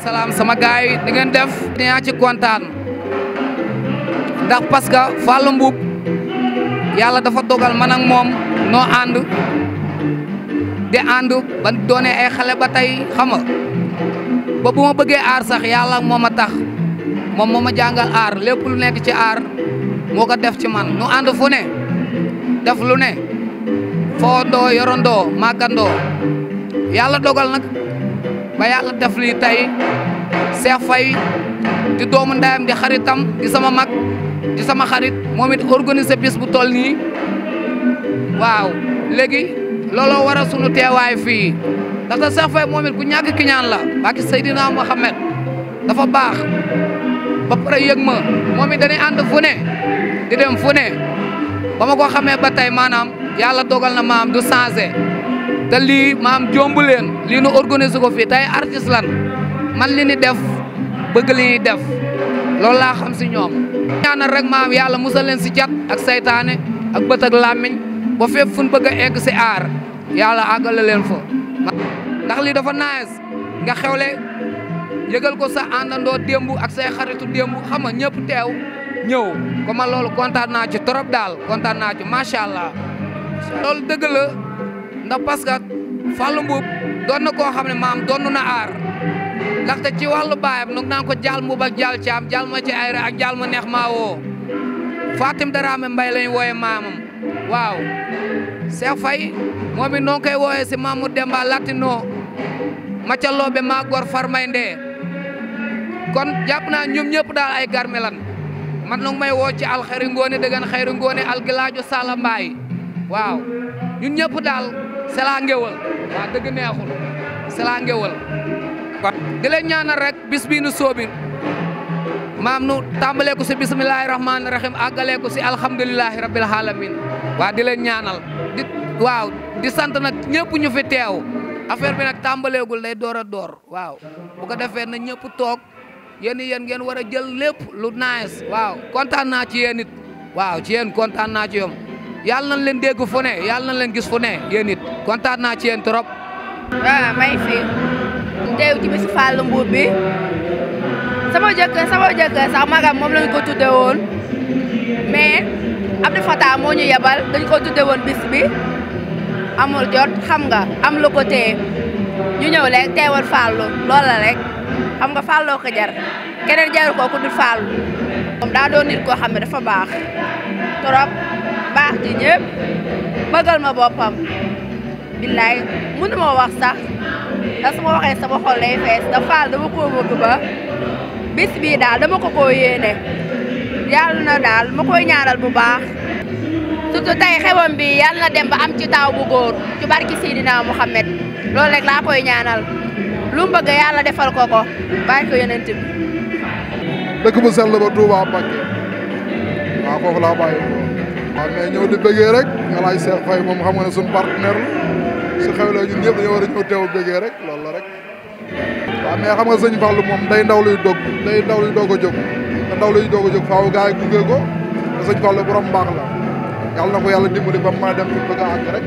salaam sama gaay yi di ngeen ci kontaan ndax parce que Fallou Mboup yàlla dafa dogal man ak moom noo ànd di ànd ba doonee ay xale ba tey xam ba bu ma bëggee aar sax yàlla ak moom a tax moom moo ma jàngal aar lépp lu nekk ci aar moo ko def ci man nu ànd fu ne def lu ne. foondoo yorondoo màggandoo yàlla dogal nag ba yàlla def lii tey Cheikh di doomu ndayam di xaritam di sama mag di sama xarit moom it organiser bu toll nii waaw léegi looloo waral sunu teewaay fii ndaxte Cheikh Faye moom it ku ñàkk ki ñaan la baki Seydina Mohamed dafa baax ba pare yëg ma moom it dañuy ànd fu ne di dem fu ba ma ko xamee maanaam yàlla dogal na maam du changé te lii maam jomb leen lii nu organisé ko fii tey artiste lan man li ni def bëgg li ñuy def loolu laa xam si ñoom ñaanal rek maam yàlla musal leen si cat ak seytaane ak bët ak làmmiñ ba fépp fu ñu bëgg a si aar yàlla àggale leen fa ndax lii dafa naes nga xew le yëgal ko sa àndandoo démb ak say xaritu démb xam nga ñëpp teew ñëw ko ma loolu kontaan naa ci trop daal kontaan naa ci loolu dëgg la ndax parce que Fallou Mbuub doon na koo xam ne maam doon na aar ndaxte ci wàllu baayam nag naan ko jaal mbuub ak jaal caam jaal ma ci ayra ak jaal ma neex maa woo Fatim Daraame Mbay lañ wooye maamam waaw Cheikh Faye moom it noo ngi koy wooyee si Mamou Demba Latino ma ca loobe maa gor far may ndee kon jàpp naa ñoom ñëpp daal ay garmelan man nag may woo ci alxayri ngoone dëggan xayri ngoone algilaajo sala mbaay waaw ñun ñëpp daal Sela Ngéwal waaw dëgg neexul Sela di leen ñaanal rek bis bii maam nu tàmbalee ko si bisimilahi rahmaani rahim àggalee ko si alhamdulilahi rabil alamin waa di leen ñaanal di waaw di sant nag ñëpp ñu fi teew affaire bi nag tàmbaleegul day door a door waaw bu ko defee na ñëpp toog yéen yéen ngeen war a jël lépp lu nice waaw kontaan naa ci yéen waaw ci yéen kontaan naa ci yom yàlla nañ leen dégg fu ne yàlla nañ leen gis fu ne yéen it kontaan naa ci yéen trop. waaw ah, may fi teew ci bisu Fallou bi sama jëkkër sama jëkkër sax magam moom lañ ko tudde woon mais Abdou Fatah moo ñu yebal dañ ko tudde bis bi amul jot xam nga am lu ko téye ñu ñëw rek teewal Fallou loolu la rek xam nga Fallou ko keneen jarul ko ku dul moom daa doon nit koo xam ne dafa baax trop. baax ci ñëpp ma boppam billaay mënu ma wax sax ndax ma waxee sama xol lay fees da faal ko bëgg ba bis bii daal dama ko koo yéene yàlla na daal ma koy ñaanal bu baax surtout tey xewam bi yàlla na dem ba am ci taaw bu góor ci barki Seydina Mouhamed loolu rek laa koy ñaanal lu mu bëgg defal ko ko bàyyi ko yeneen bi dëkk bu sell ba Touba Mbacké waaw foofu laa bàyyi waaw mais ñëw di bëggee rek Alaay Seex Fay moom xam nga ne suñu partenaire la su xewlee ñun ñëpp dañoo war a ñëw teew bëggee rek loolu la rek waaw mais xam nga sëñ Fallu moom day ndaw luy dog day ndaw luy doog a jóg te ndaw luy doog a jóg faaw gars yi gunge ko te sëñ Fallu borom mbaax la yàlla na ko yàlla dimbali ba mu mën a dem fi mu bëgg a rek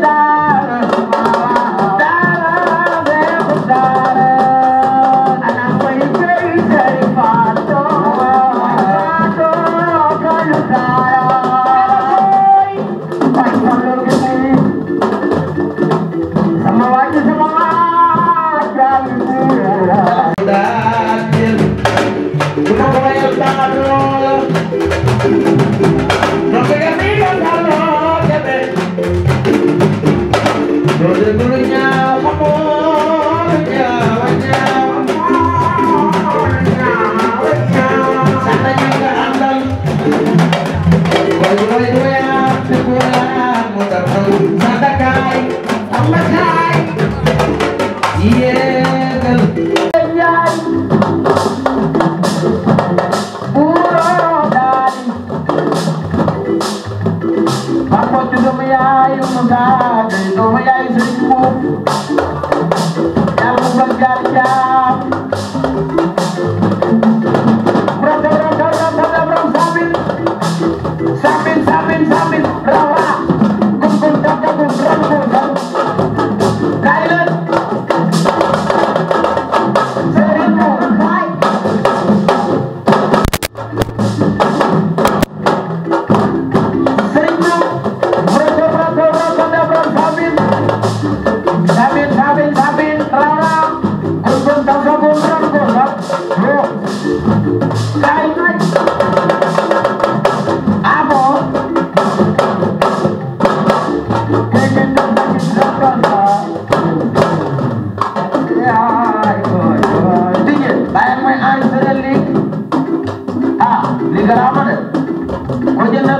la ma bokk sama yaay mu gaa day doomu yaay sëriñ bu yàlla mu bëgg jaar jaar ko de ko jël na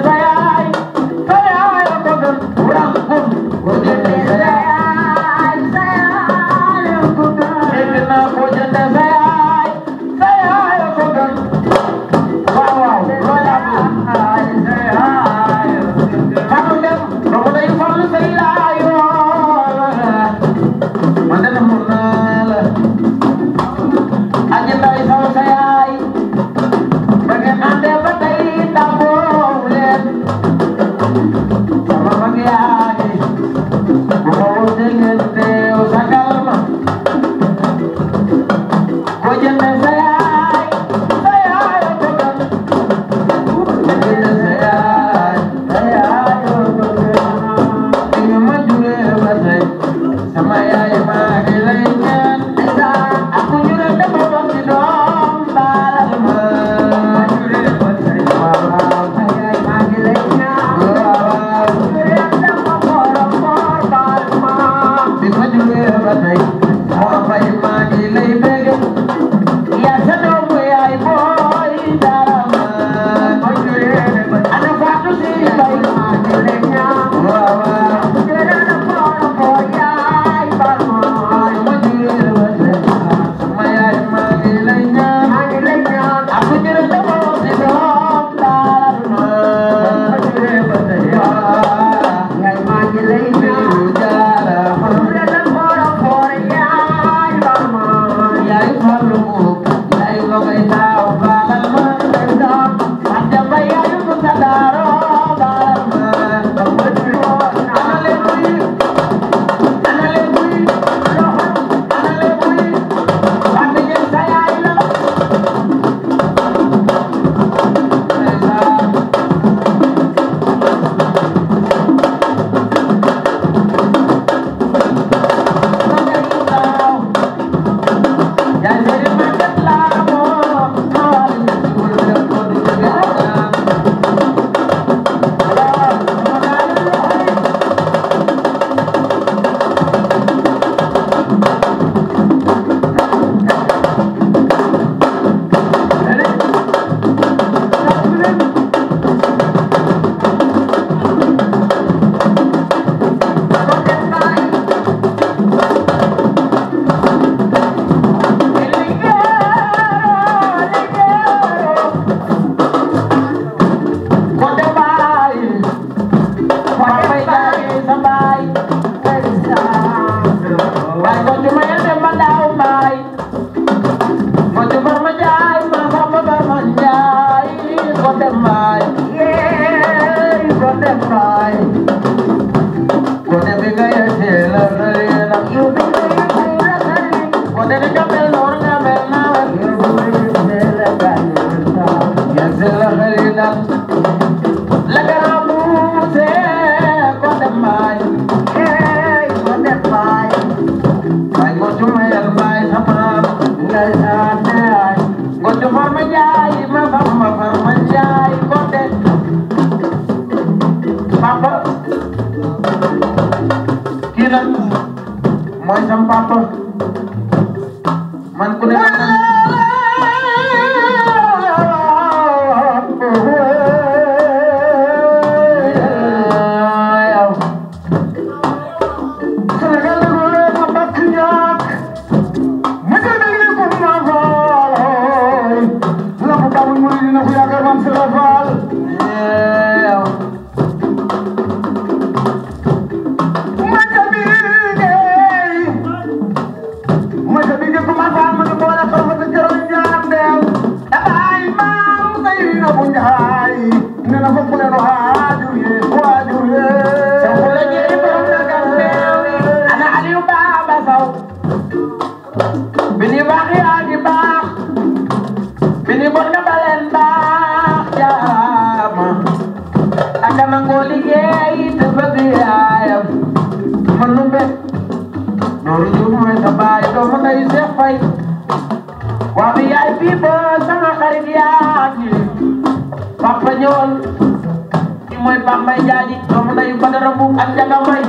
mooy Pape Mbaye Diadji doomu ndeyu Badara Mbuub ak Njaga Mbay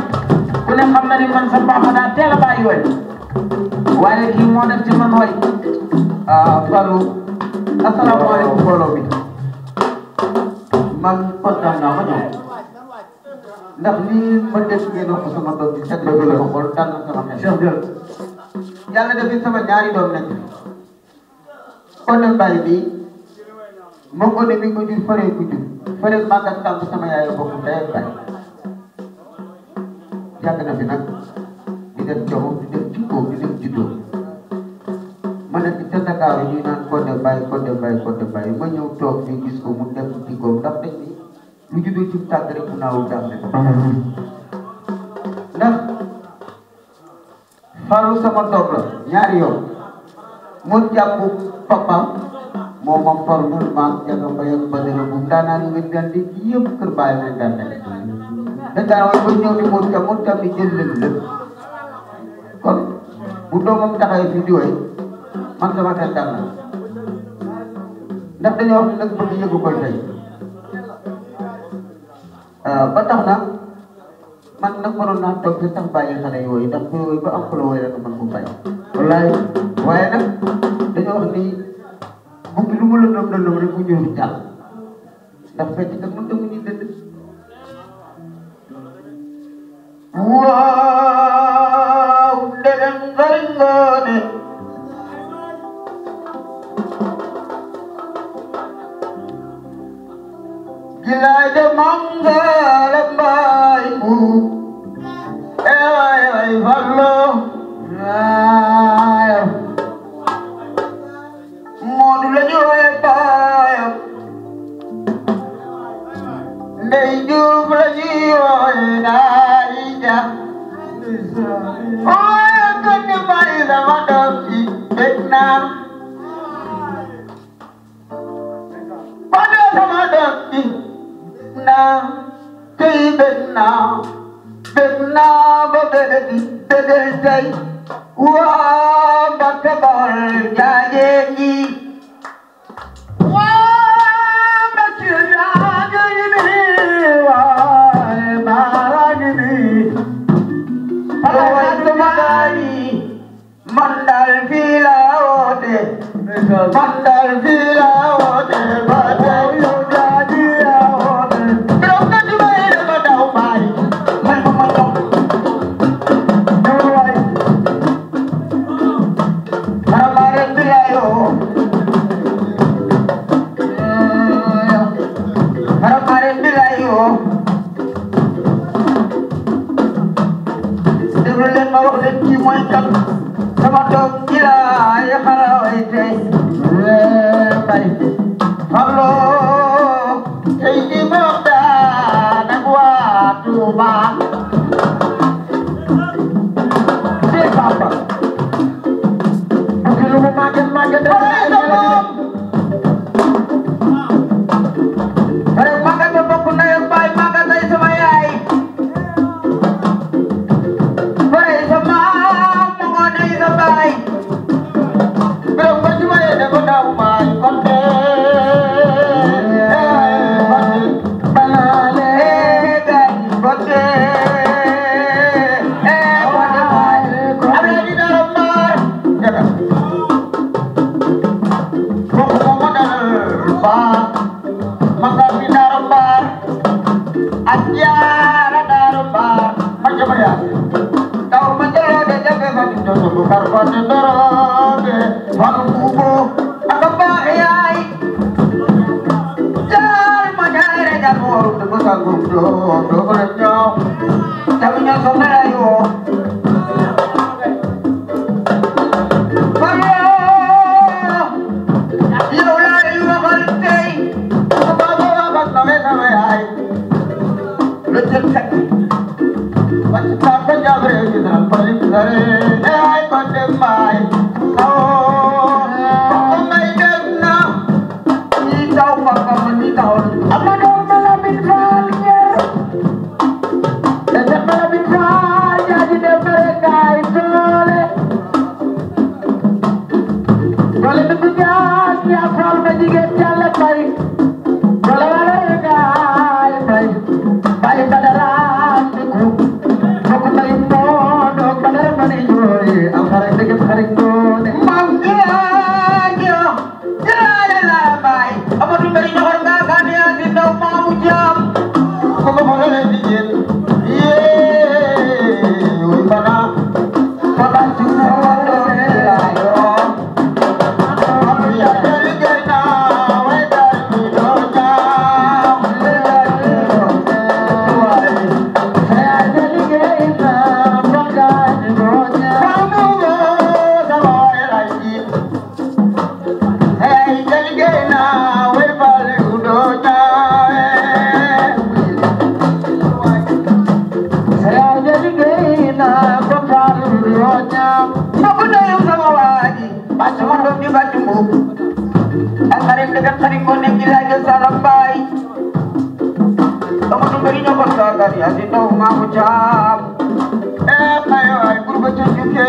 ku ne xam na ni man sa papa daa teel a bàyyi way waaye kii moo def ci man way ah Fallou asalaamaaleykum mbooloo bi man kontaan naa ma ñëw ndax lii ma def ngeen wax sama doom bi sedd bi la ko xool dal na sama xel Cheikh Diop yàlla def sama ñaari doom nekk kon nag bàyyi bi moom moo ne mi ngi ko jur fële ku jur fële màggat tàmb sama yaay bokk ndey ak baay yàgg na fi nag di def coow di def juddoo di def juddoo ma ne ca Dakar ñuy naan Codé Mbaye Codé Mbaye Codé Mbaye ma ñëw toog ñu gis ko mu def jikkoom ndax dañ ni lu juddoo ci tàgg rek mu naaw jàmm ndax Fallou sama doom la ñaari yoon moo jàpp papaam moom moom par mouvement Jaga Mbaye ak Badara moom daanaka wér gàncax gi yëpp kër bàyyi nañ gàncax gi. daanaka ba ñëw ni Moussa Moussa mi jël leen lépp kon bu doomam taxawee fi di way man sama xel dal na ndax dañoo wax nag bëgg yëgu ko tey ba tax na man nag waroon naa toog sax bàyyi xale yooyu ndax yooyu ba am ko la wéy rek man ko bàyyi. wallaay waaye nag dañoo wax ni. bu bi lu mu lëndëm lëndëm rek mu ñëw jàll ndax fecc kat mën demu ñu dënd waaw ndegem bari ngoone gilaay de mangala mbaay bu ewaay ewaay fallo waaw moom la ñu wooyee baayam ndey waaye kon ñu bàyyi sama doom ji bég naa bàyyi sama doom ji naa tey bég ba bég di bég tey waa Mbacke Bawol jaajëf ji Bastardine sani ko ne gilajo sala bay amudu beri ñoko sagari adi taw ma ko jam e mayo ay kurba ci ke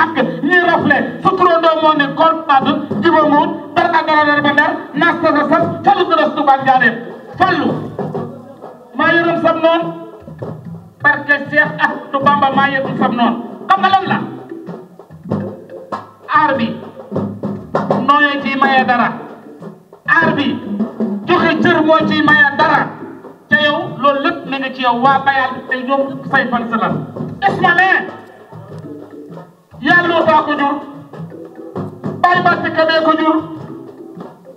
takk ñuy rafle sa turandoo moo ne góor naat jiba muut barka dara ba a naas tasa sas falu dara tubaab njaareem fallu maa yërëm sam noonu barke Cheikh Ahmadou Bamba maa yërëm sam noonu xam nga lan la aar bi nooyee ciy maye dara aar bi joxe cër moo ciy maye dara te yow loolu lépp ci yow waa bayal te ñoom say fan sa lan yàlla saa ko jur Baye Mbacke Kébé ko jur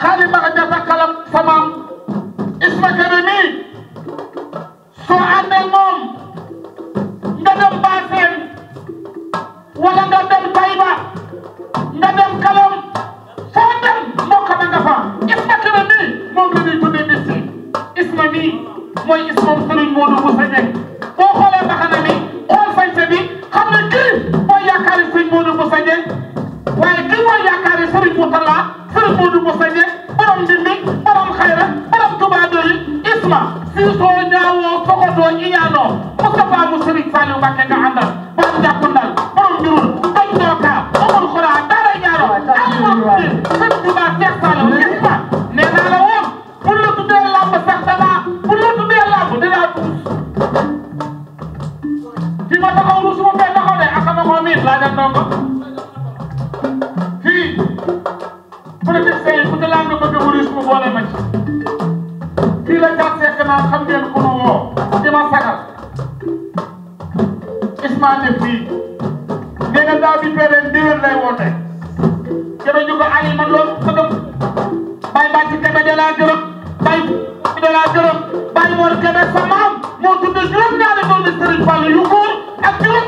xaalis ma ko kalam sa Isma Kébé soo àndal moom nga dem Bassène wala nga dem Taïba nga dem kalam foo dem mbokk na Isma Kébé mii moom la ñuy tuddee bis Isma mii mooy Isma Serigne Modou Moussa Dieng boo xoolee ba xam ne nii.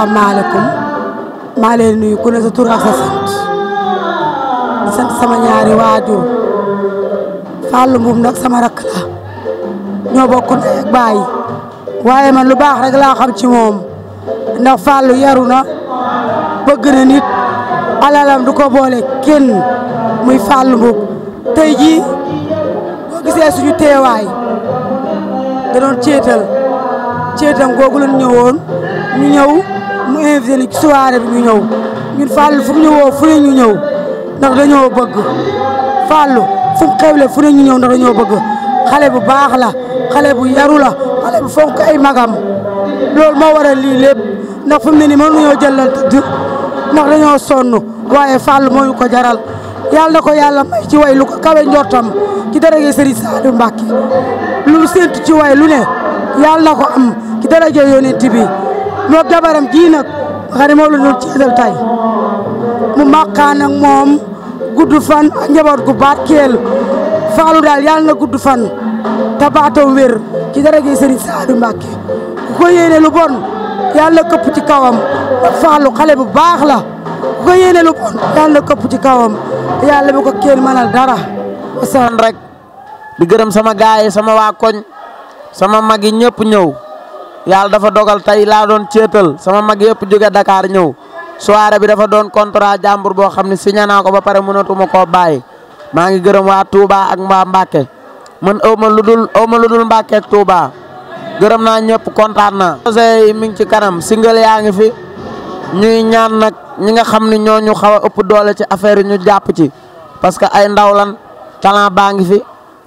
asalaamaaleykum maa leen nuyu ku ne sa sant di sant sama ñaari waajur Fallou Mbuub sama rakk ñoo bokk ndey waaye man lu baax rek laa xam ci moom ndax Fallou yaru na bëgg na nit alalam du ko boole kenn muy Fallou Mbuub tey jii boo gisee suñu teewaay da doon ceetal ceetam googu ñëwoon ñu ñëw ñu ni ci soirée bi ñu ñëw ñun Fallou fu mu ñu woo fu ne ñu ñëw ndax dañoo bëgg Fallou fu mu fu ne ñu ñëw ndax dañoo bëgg xale bu baax la xale bu yaru la xale bu fonk ay magam loolu moo waral lii lépp ndax fu mu ne nii mënuñoo jëlal tudd ndax dañoo sonn waaye Fallou moo ko jaral yàlla na ko yàlla may ci way lu ko kawe njortam ci daraje Serigne Saliou Mbacké lu mu ci way lu ne yàlla na ko am ci daraje yonent bi moo jabaram ji nag xam ne moom la gudd fan ak njaboot gu faalu daal yàlla na gudd fan te wér ci dara gi Serigne Saadu Mbàkke ku ko yéene lu bon yàlla këpp ci kawam ndax faalu xale bu baax la ku ko yéene lu bon yàlla këpp ci kawam yàlla bu ko kenn mënal dara wasaan rek di gërëm sama gaay sama waa koñ sama magi ñëpp ñëw yàlla dafa dogal tey laa doon ceetal sama mag yëpp jóge dakaar ñëw soirée bi dafa doon contrat jàmbur boo xam ne signé naa ko ba pare mënatuma koo bàyyi maa ngi gërëm waa Touba ak waa Mbacke man aw ma lu dul aw ma gërëm naa ñëpp kontaan naa. yi mi ngi ci kanam singal yaa ngi fi ñuy ñaan nag ñi nga xam ne ñoo ñu xaw ëpp doole ci affaire yi ñu jàpp ci parce que ay ndaw lan talent baa ngi fi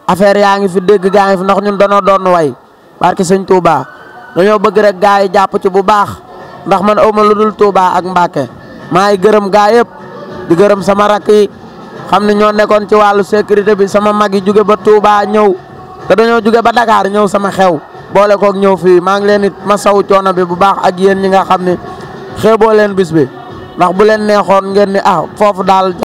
affaire yaa ngi fi dégg gaa ngi fi ndax ñun danoo doon way barke sëñ Touba. dañoo bëgg rek gaa yi jàpp ci bu baax ndax man aw ma lu dul Touba ak Mbacke maa ngi gërëm gaa yëpp di gërëm sama rakk yi xam ne ñoo nekkoon ci wàllu sécurité bi sama mag yi juge ba Touba ñëw te dañoo juge ba Dakar ñëw sama xew boole kook ñëw fii maa ngi leen it ma saw coono bi bu baax ak yéen ñi nga xam ne xeeboo leen bis bi ndax bu leen neexoon ngeen ni ah foofu daal